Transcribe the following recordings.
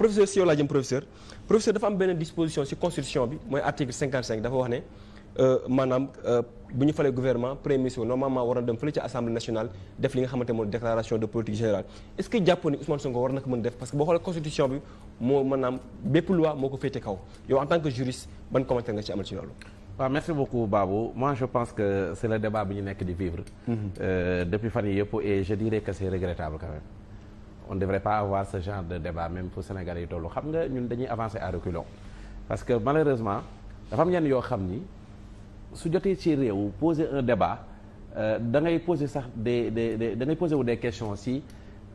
professeur si yow laa jëm professeur professeur dafa am benn disposition ci constitution bi mooy article 55 dafa wax ne euh, maanaam euh, bu ñu falee gouvernement premier ministre normalement war na dem fële ci assemblée nationale def li nga xamante mooy déclaration de politique générale est-ce que jàpp ni Ousmane Sonko war na mën def parce que boo xoolee constitution bi moo maanaam bépp loi moo ko féete kaw yow en tant que juriste ban commentaire nga ci amal ci on devrait pas avoir ce genre de débat même fu Sénégalais yi tollu xam nga ñun dañuy avancer à reculons parce que malheureusement dafa am ñenn yoo xam ni su jotee ci réew poser un débat euh, da ngay poser sax des des da ngay poser wu des question si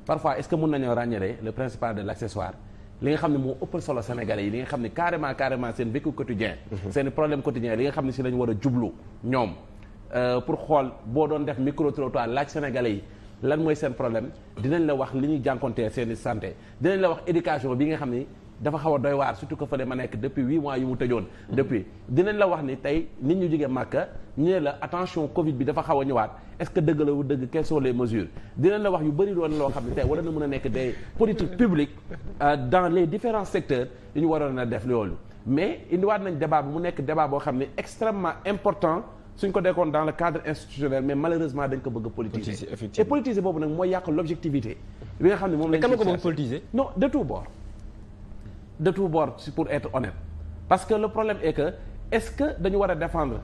parfois est-ce que mën nañoo ràññale le principal de l'accessoire li nga xam ne moo ëppal solo Sénégalais yi li nga xam ne carrément carrément seen vécu quotidien mhm. seen problème quotidien li nga xam ne si la ñu a jublu ñoom euh, pour xool boo doon def micro trottoir laaj Sénégalais yi lan mooy seen problème dinañ la wax li ñu jànkontee seen i santé dinañ la wax éducation bi nga xam ni dafa xaw a doy waar surtout que fële ma nekk depuis huit mois yu mu tëjoon. Mm-hmm. depuis dinañ la wax ni tey nit ñu jógee màkka ñu ne la attention Covid bi dafa xaw a ñëwaat est-ce que dëgg la wu dëgg quelles sont les mesures dinañ la wax yu bëri doon loo xam ne tey wala na mën a nekk des politiques publiques euh, dans les différents secteurs yu ñu waroon a def loolu mais indiwaat nañ débat bi mu nekk débat boo xam ne extrêmement important. suñ ko dekkoon dans le cadre institutionnel mais malheureusement dañ ko bëgg a politiser et politiser boobu nag mooy yàq l'objectivité bi nga xam ne moom lañ ko bëgg politiser non de tout bord de tout bord pour être honnête parce que le problème est que est-ce que dañu war a défendre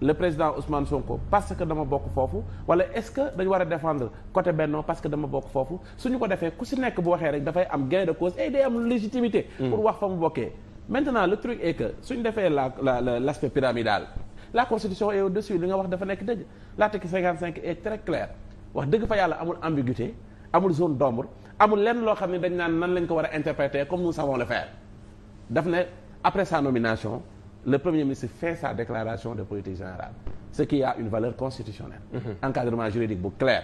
le président Ousmane Sonko parce que dama bokk foofu wala est-ce que dañu war a défendre côté Benno parce que dama bokk foofu suñu ko defee ku si nekk bu waxee rek dafay am gain de cause et day am légitimité hmm. pour wax fa mu bokkee maintenant le truc est que suñu defee la la l'aspect pyramidal la constitution est au-dessus li nga wax dafa nekk dëgg l'article 55 est très clair wax dëgg fa yàlla amul ambiguïté amul zone d'ombre amul lenn loo xam ne dañ naan nan lañ ko war a interpréter comme nous savons le faire daf ne après sa nomination le premier ministre fait sa déclaration de politique générale ce qui a une valeur constitutionnelle mm -hmm. encadrement juridique bu clair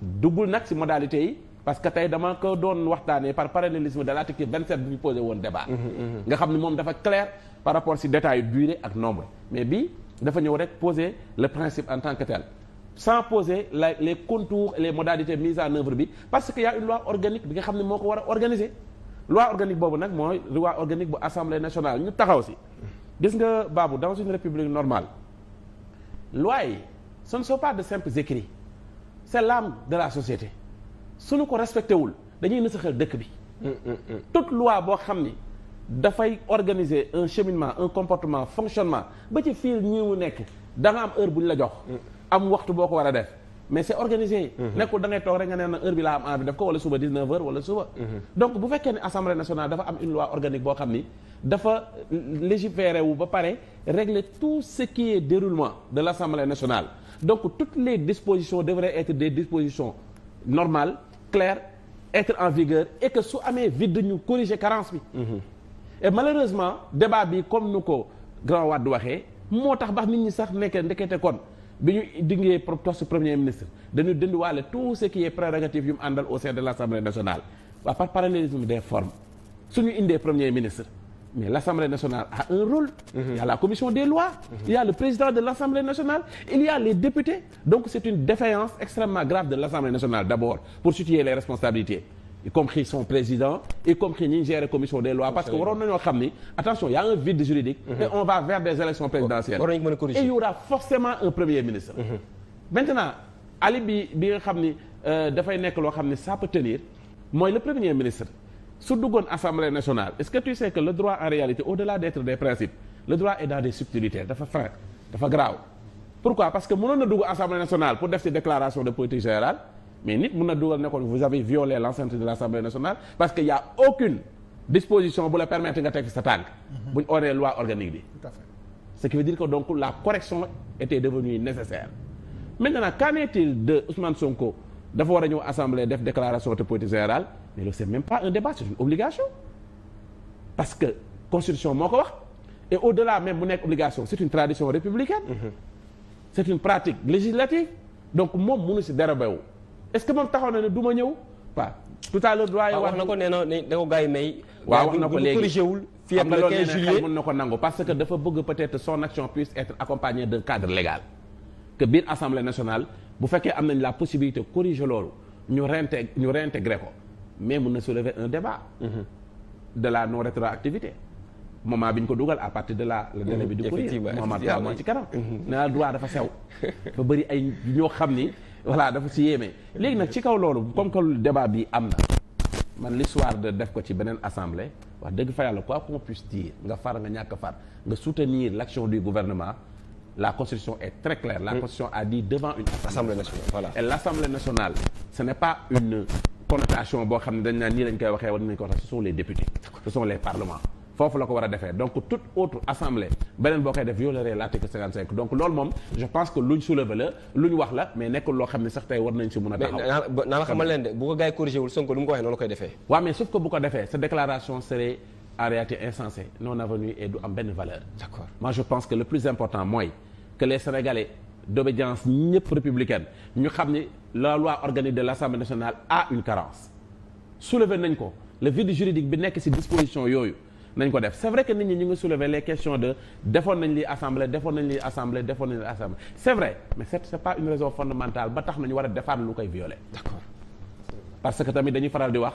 duggul nag ci modalité yi parce que tey dama ko doon waxtaanee par parallélisme de l'article 27 bi ñu posé woon mm-hmm, mm-hmm. xam ne moom dafa clair par rapport ci détail dafa ñëw rek poser le principe en tant que tel sans poser la les contours et les modalités mises en œuvre bi parce que y a une loi organique bi nga xam ne moo ko war a organiser loi organique boobu nag mooy loi organique bu assemblée nationale ñu taxaw si gis nga baabu dans une république normale loi yi ce ne sont pas de simples écrits c'est de la société suñu ko respecté wul dañuy nësaxal dëkk bi mm, mm, mm. toute loi boo xam ni dafay organiser un cheminement un comportement fonctionnement ba ci fii ñi mu nekk da am heure bu ñu la jox. Mm. am waxtu boo ko war a def mais c'est organisé. Mm-hmm. nekkul da ngay toog rek nga ne na heure bi laa am envie def ko wala suba 19h wala suba. Mm-hmm. donc bu fekkee ne assemblée nationale dafa am une loi organique boo xam ni dafa légiférer wu ba pare régler tout ce qui est déroulement de l'assemblée national donc toutes les dispositions devraient être des dispositions normales claires être en vigueur et que su amee vide ñu corriger carence bi. Mm-hmm. et malheureusement débat bi comme nu ko grand Wade waxee moo tax bax nit ñi sax nekkee ndekete kon bi ñu dingee poste premier ministre dañu dindiwaale tout ce qui est prérogative yu mu àndal au sein de l' assemblée nationale waa par parallélisme des formes suñu indee premier ministre mais l' assemblée nationale a un rôle mm -hmm. il y a la commission des lois mm -hmm. président de l' assemblée nationale il y a donc c' une défaillance extrêmement grave de l' assemblée y compris son président y compris ñi gérer commission des lois parce que waroon nañoo xam ni attention y a un vide juridique mhm. et on va vers des élections présidentielles et il y forcément un premier ministre mhm. maintenant ali bi bi nga xam ni euh, dafay nekk loo xam ni ça tenir mooy le premier ministre su duggoon assemblée nationale est-ce que tu sais que le droit en réalité au-delà d'être des principes le droit est dans des subtilités dafa fin mais nit mun na dugal ne kon vous avez violé l'enceinte de l'Assemblée nationale parce que y a disposition bu la permettre nga teg fi sa tànk mm-hmm. bu ñu oree loi organique bi tout ce qui veut dire que donc la correction était devenue nécessaire maintenant qu'en est-il de Ousmane Sonko dafa war a ñëw assemblée def déclaration de politique générale mais loolu c'est même pas un débat c'est une obligation parce que constitution moo ko wax et au-delà même bu nekk obligation c'est une tradition républicaine mm-hmm. c'est une pratique législative donc moom mënu si dérober wu est-ce que moom taxaw na ne du ma ñëw waaw tout à l'heure wax na ko nee na da may waaw wax na ko léegi corrigé wul fi ak le 15 na ko nangu parce que dafa bëgg peut-être son action puisse être accompagnée d'un cadre légal bu fekkee am nañ la possibilité corriger loolu ñu réintégrer ñu réintégrer ko mais mën na soulever un débat mm-hmm. de la non rétroactivité moment bi ñu ko dugal à partir de la le délai bi du mm-hmm. courir moment trois mm-hmm. na droit dafa sew dafa bëri ay ñoo xam ni voilà dafa si yéeme léegi nag ci kaw loolu comme que débat bi am na man l'histoire de def ko ci beneen assemblée wax dëgg fa yàlla ko qu'on puisse dire nga far nga ñàkk far nga soutenir l'action du gouvernement la constitution est très claire la mm. constitution a dit devant une assemblée nationale voilà et l'assemblée nationale ce n'est pas une connotation boo xam ne dañ naan nii lañ koy waxee war nañ ko wax ce sont les députés ce sont les parlements foofu la ko war a defee donc toute autre assemblée beneen boo koy def violerait l'article 55 donc loolu moom je pense que luñ soulever la luñ wax la mais nekkul loo xam ne sax tey war nañ si mun a taxaw naa la xamal leen de bu ko gars yi corrigé wul Sonko lu mu ko waxee noonu la koy defee waaw mais sauf que bu ko defee sa déclaration serait en réalité insensée non avenue et du am benn valeur d'accord moi je pense que le plus important nañ ko le vide juridique bi nekk ci disposition yooyu nañ ko def c'est vrai que nit ñi ñu ngi soulever les questions de defoon nañ li assemblée defoon nañ li assemblée defoon nañ li assemblée c'est vrai mais c'est pas une raison fondamentale ba tax nañu war a defaat lu koy violer. d'accord parce que tamit dañuy faral di wax.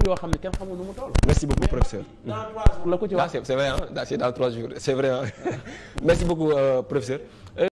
mbir yoo xam ne kenn xamul nu mu toll. merci beaucoup professeur. la ko ci wax c'est vrai ah c'est dans trois jours c'est vrai ah merci beaucoup euh, professeur. Euh,